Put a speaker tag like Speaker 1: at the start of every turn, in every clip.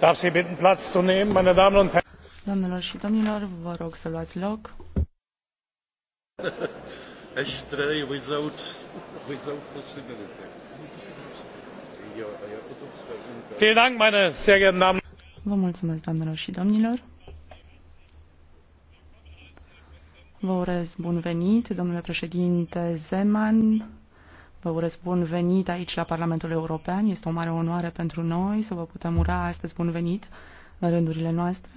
Speaker 1: darf sie bitten doamnelor și domnilor vă rog să luați loc. Vă mulțumesc, doamnelor și domnilor. Vă urez bun venit, domnule președinte Zeman, Vă urez bun venit aici la Parlamentul European. Este o mare onoare pentru noi să vă putem ura astăzi bun venit în rândurile noastre.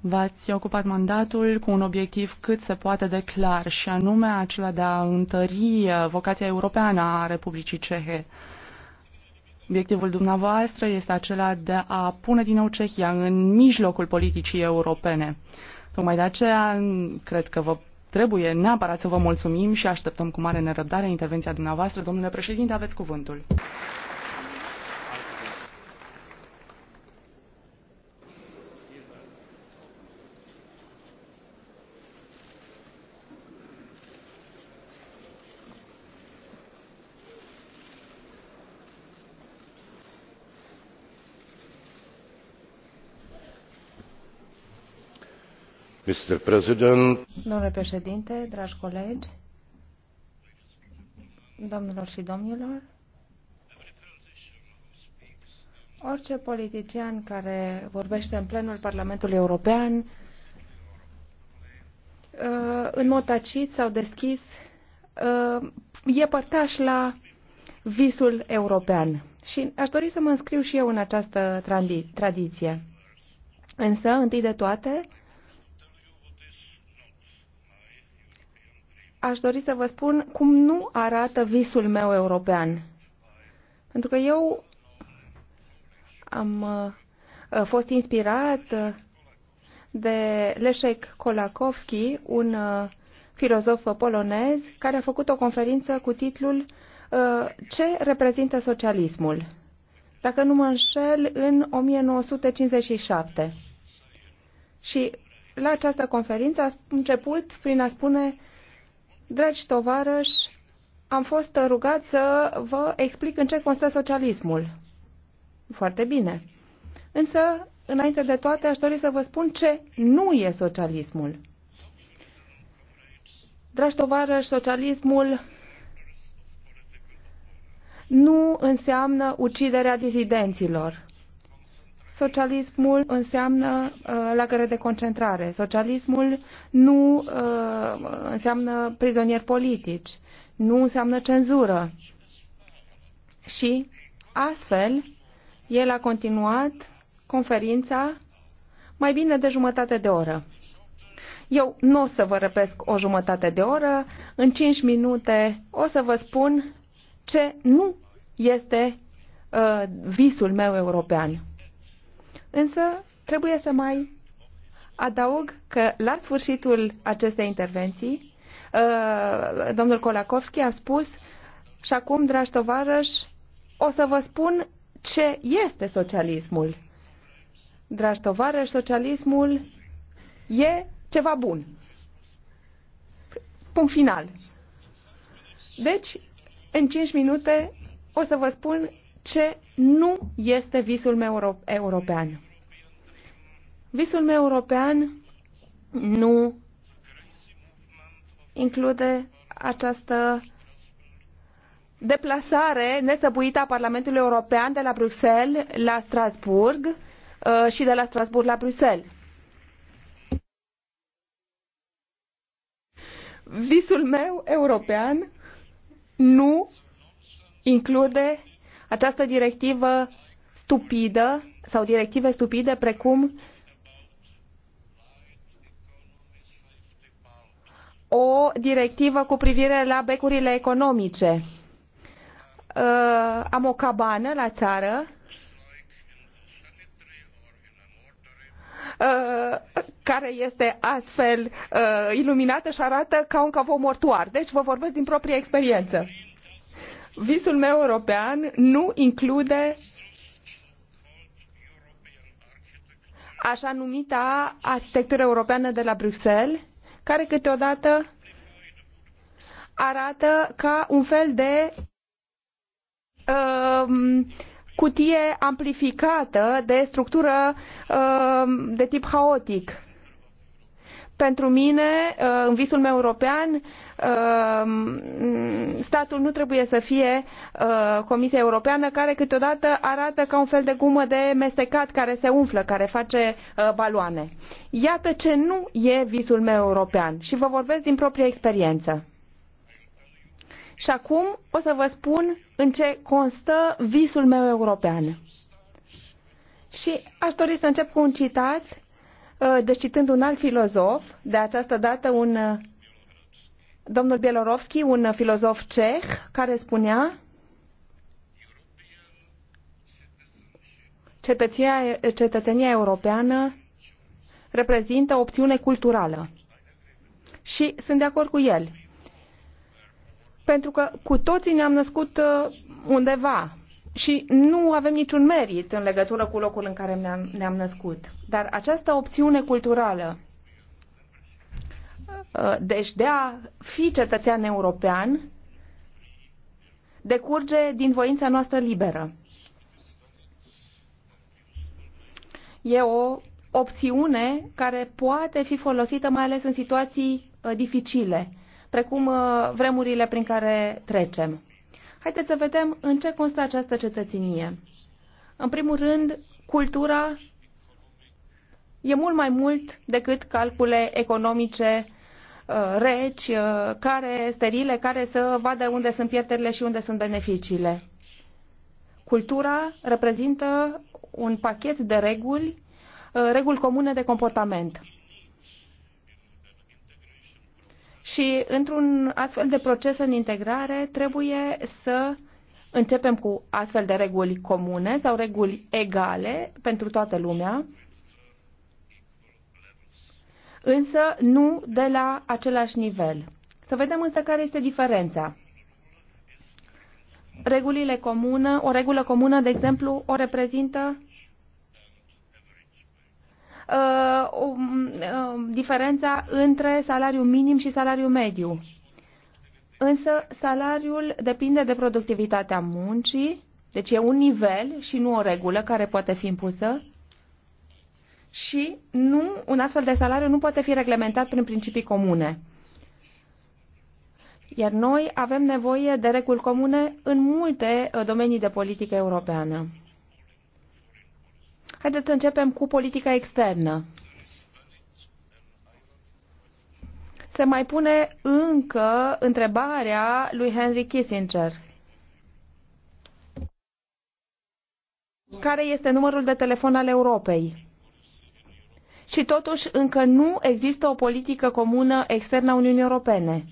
Speaker 1: V-ați ocupat mandatul cu un obiectiv cât se poate de clar și anume acela de a întări uh, vocația europeană a Republicii Cehe. Obiectivul dumneavoastră este acela de a pune din nou Cehia în mijlocul politicii europene. Tocmai de aceea, cred că vă trebuie neapărat să vă mulțumim și așteptăm cu mare nerăbdare intervenția dumneavoastră. Domnule președinte, aveți cuvântul. Domnule
Speaker 2: președinte, dragi colegi, domnilor și domnilor, orice politician care vorbește în plenul Parlamentului European, uh, în mod tacit sau deschis, uh, e părtaș la visul european. Și aș dori să mă înscriu și eu în această tradiție. Însă, întâi de toate, aș dori să vă spun cum nu arată visul meu european. Pentru că eu am uh, fost inspirat uh, de Leszek Kolakowski, un uh, filozof polonez, care a făcut o conferință cu titlul Ce reprezintă socialismul? Dacă nu mă înșel, în 1957. Și la această conferință a început prin a spune Dragi tovarăși, am fost rugat să vă explic în ce constă socialismul. Foarte bine. Însă, înainte de toate, aș dori să vă spun ce nu e socialismul. Dragi tovarăși, socialismul nu înseamnă uciderea dizidenților Socialismul înseamnă uh, lagăre de concentrare. Socialismul nu uh, înseamnă prizonieri politici, nu înseamnă cenzură. Și astfel, el a continuat conferința mai bine de jumătate de oră. Eu nu o să vă răpesc o jumătate de oră, în 5 minute o să vă spun ce nu este uh, visul meu european. Însă trebuie să mai adaug că la sfârșitul acestei intervenții, uh, domnul Kolakovski a spus și acum, dragi tovarăși, o să vă spun ce este socialismul. Dragi tovarăși, socialismul e ceva bun. Punct final. Deci, în 5 minute o să vă spun ce nu este visul meu european. Visul meu european nu include această deplasare nesăbuită a Parlamentului European de la Bruxelles la Strasburg uh, și de la Strasburg la Bruxelles. Visul meu european nu include această directivă stupidă sau directive stupide precum o directivă cu privire la becurile economice. Uh, am o cabană la țară uh, care este astfel uh, iluminată și arată ca un cavou mortuar. Deci vă vorbesc din proprie experiență. Visul meu european nu include așa numita arhitectură europeană de la Bruxelles, care câteodată arată ca un fel de uh, cutie amplificată de structură uh, de tip haotic pentru mine, uh, în visul meu european, uh, statul nu trebuie să fie uh, Comisia Europeană, care câteodată arată ca un fel de gumă de mestecat care se umflă, care face baloane. Iată ce nu e visul meu european și vă vorbesc din propria experiență. Și acum o să vă spun în ce constă visul meu european. Și aș dori să încep cu un citat Uh, deci citând un alt filozof, de această dată un uh, domnul Bielorovski, un filozof ceh, care spunea cetăția, cetățenia europeană reprezintă o opțiune culturală. Și sunt de acord cu el. Pentru că cu toții ne-am născut uh, undeva, și nu avem niciun merit în legătură cu locul în care ne-am, ne-am născut. Dar această opțiune culturală, uh, deci de a fi cetățean european, decurge din voința noastră liberă. E o opțiune care poate fi folosită mai ales în situații uh, dificile, precum uh, vremurile prin care trecem. Haideți să vedem în ce constă această cetățenie. În primul rând, cultura e mult mai mult decât calcule economice uh, reci, uh, care sterile, care să vadă unde sunt pierderile și unde sunt beneficiile. Cultura reprezintă un pachet de reguli, uh, reguli comune de comportament. Și într-un astfel de proces în integrare trebuie să începem cu astfel de reguli comune sau reguli egale pentru toată lumea, însă nu de la același nivel. Să vedem însă care este diferența. Regulile comune, o regulă comună, de exemplu, o reprezintă uh, uh, diferența între salariul minim și salariul mediu. Însă salariul depinde de productivitatea muncii, deci e un nivel și nu o regulă care poate fi impusă și nu, un astfel de salariu nu poate fi reglementat prin principii comune. Iar noi avem nevoie de reguli comune în multe uh, domenii de politică europeană. Haideți să începem cu politica externă. se mai pune încă întrebarea lui Henry Kissinger. Care este numărul de telefon al Europei? Și totuși încă nu există o politică comună externă a Uniunii Europene.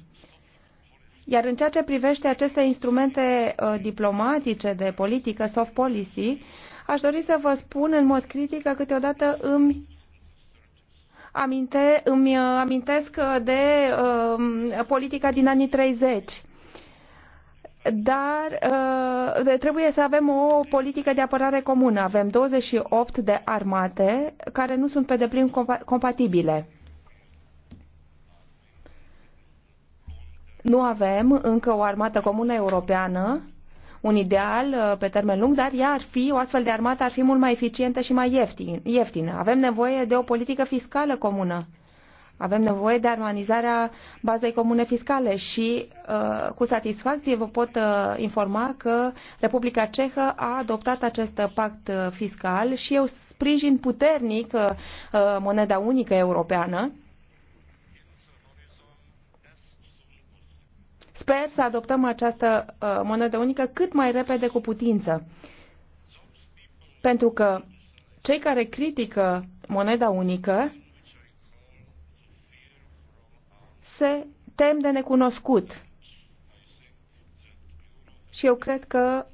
Speaker 2: Iar în ceea ce privește aceste instrumente uh, diplomatice de politică, soft policy, aș dori să vă spun în mod critic că câteodată îmi aminte, îmi uh, amintesc uh, de uh, politica din anii 30 dar uh, trebuie să avem o politică de apărare comună. Avem 28 de armate care nu sunt pe deplin compa- compatibile. Nu avem încă o armată comună europeană un ideal uh, pe termen lung, dar ea ar fi, o astfel de armată ar fi mult mai eficientă și mai ieftină. Avem nevoie de o politică fiscală comună. Avem nevoie de armonizarea bazei comune fiscale și uh, cu satisfacție vă pot uh, informa că Republica Cehă a adoptat acest pact fiscal și eu sprijin puternic moneda unică europeană Sper să adoptăm această uh, monedă unică cât mai repede cu putință. Pentru că cei care critică moneda unică se tem de necunoscut. Și eu cred că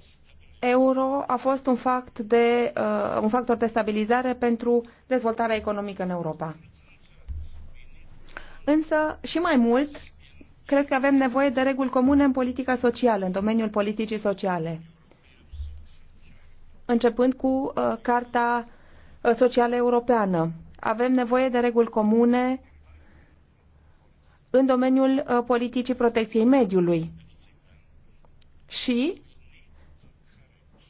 Speaker 2: euro a fost un, fact de, uh, un factor de stabilizare pentru dezvoltarea economică în Europa. Însă, și mai mult, Cred că avem nevoie de reguli comune în politica socială, în domeniul politicii sociale, începând cu uh, Carta uh, Socială Europeană. Avem nevoie de reguli comune în domeniul uh, politicii protecției mediului. Și,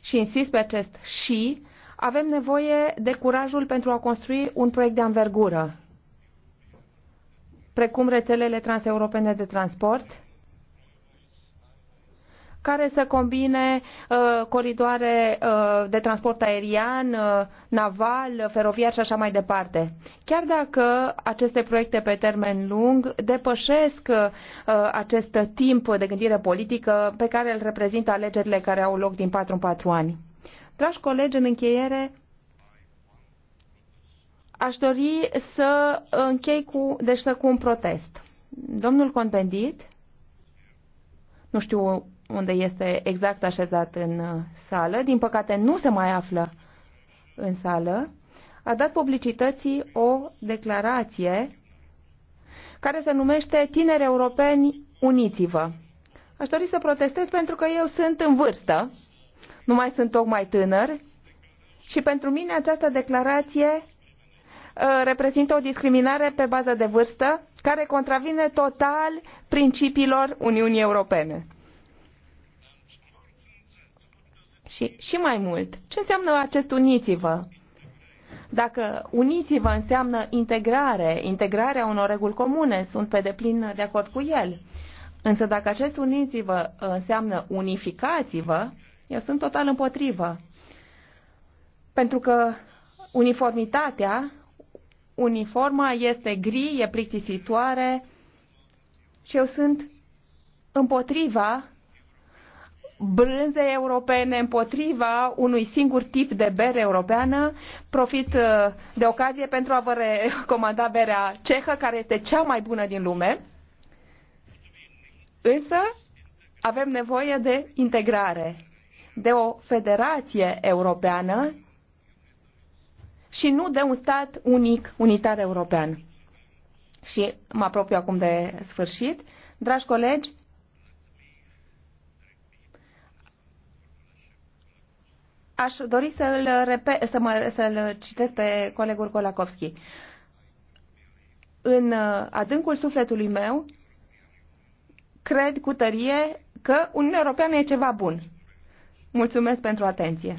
Speaker 2: și insist pe acest și, avem nevoie de curajul pentru a construi un proiect de anvergură precum rețelele transeuropene de transport, care să combine uh, coridoare uh, de transport aerian, uh, naval, feroviar și așa mai departe. Chiar dacă aceste proiecte pe termen lung depășesc uh, acest timp de gândire politică pe care îl reprezintă alegerile care au loc din 4 în 4 ani. Dragi colegi, în încheiere, Aș dori să închei cu, deci să cu un protest. Domnul Convendit, nu știu unde este exact așezat în uh, sală, din păcate nu se mai află în sală, a dat publicității o declarație care se numește Tineri europeni, uniți-vă. Aș dori să protestez pentru că eu sunt în vârstă, nu mai sunt tocmai tânăr și pentru mine această declarație Uh, reprezintă o discriminare pe bază de vârstă care contravine total principiilor Uniunii Europene. Și, și mai mult, ce înseamnă acest uniți-vă? Dacă uniți-vă înseamnă integrare, integrarea unor reguli comune, sunt pe deplin de acord cu el. Însă dacă acest uniți-vă uh, înseamnă unificați-vă, eu sunt total împotrivă. Pentru că uniformitatea uniforma este gri, e plictisitoare și eu sunt împotriva brânzei europene, împotriva unui singur tip de bere europeană. Profit uh, de ocazie pentru a vă recomanda berea cehă, care este cea mai bună din lume. Însă avem nevoie de integrare, de o federație europeană și nu de un stat unic, unitar european. Și mă apropiu acum de sfârșit. Dragi colegi, aș dori să-l, să să citesc pe colegul Kolakowski. În uh, adâncul sufletului meu, cred cu tărie că Uniunea Europeană e ceva bun. Mulțumesc pentru atenție.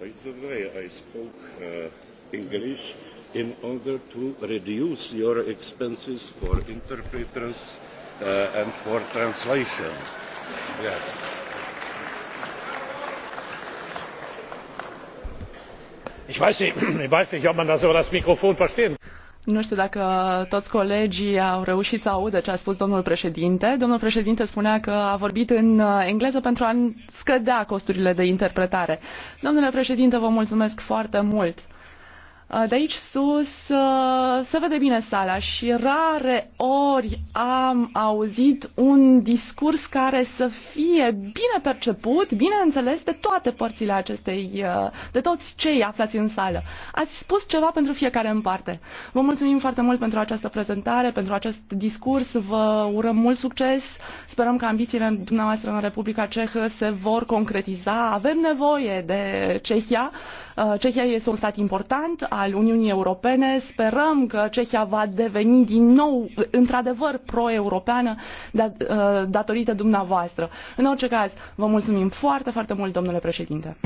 Speaker 1: By the way, I spoke uh, English in order to reduce your expenses for interpreters uh, and for translation. Yes. Ich
Speaker 2: weiß, nicht,
Speaker 1: ich weiß nicht, ob man das über das Mikrofon verstehen kann. Nu știu dacă toți colegii au reușit să audă ce a spus domnul președinte. Domnul președinte spunea că a vorbit în uh, engleză pentru a scădea costurile de interpretare. Domnule președinte, vă mulțumesc foarte mult. Uh, de aici sus uh, se vede bine sala și rare ori am auzit un discurs care să fie bine perceput, bine înțeles de toate părțile acestei, uh, de toți cei aflați în sală. Ați spus ceva pentru fiecare în parte. Vă mulțumim foarte mult pentru această prezentare, pentru acest discurs, vă urăm mult succes, sperăm că ambițiile dumneavoastră în Republica Cehă se vor concretiza. Avem nevoie de Cehia. Cehia este un stat important, al Uniunii Europene. Sperăm că Cehia va deveni din nou, într-adevăr, pro-europeană da, uh, datorită dumneavoastră. În orice caz, vă mulțumim foarte, foarte mult, domnule președinte.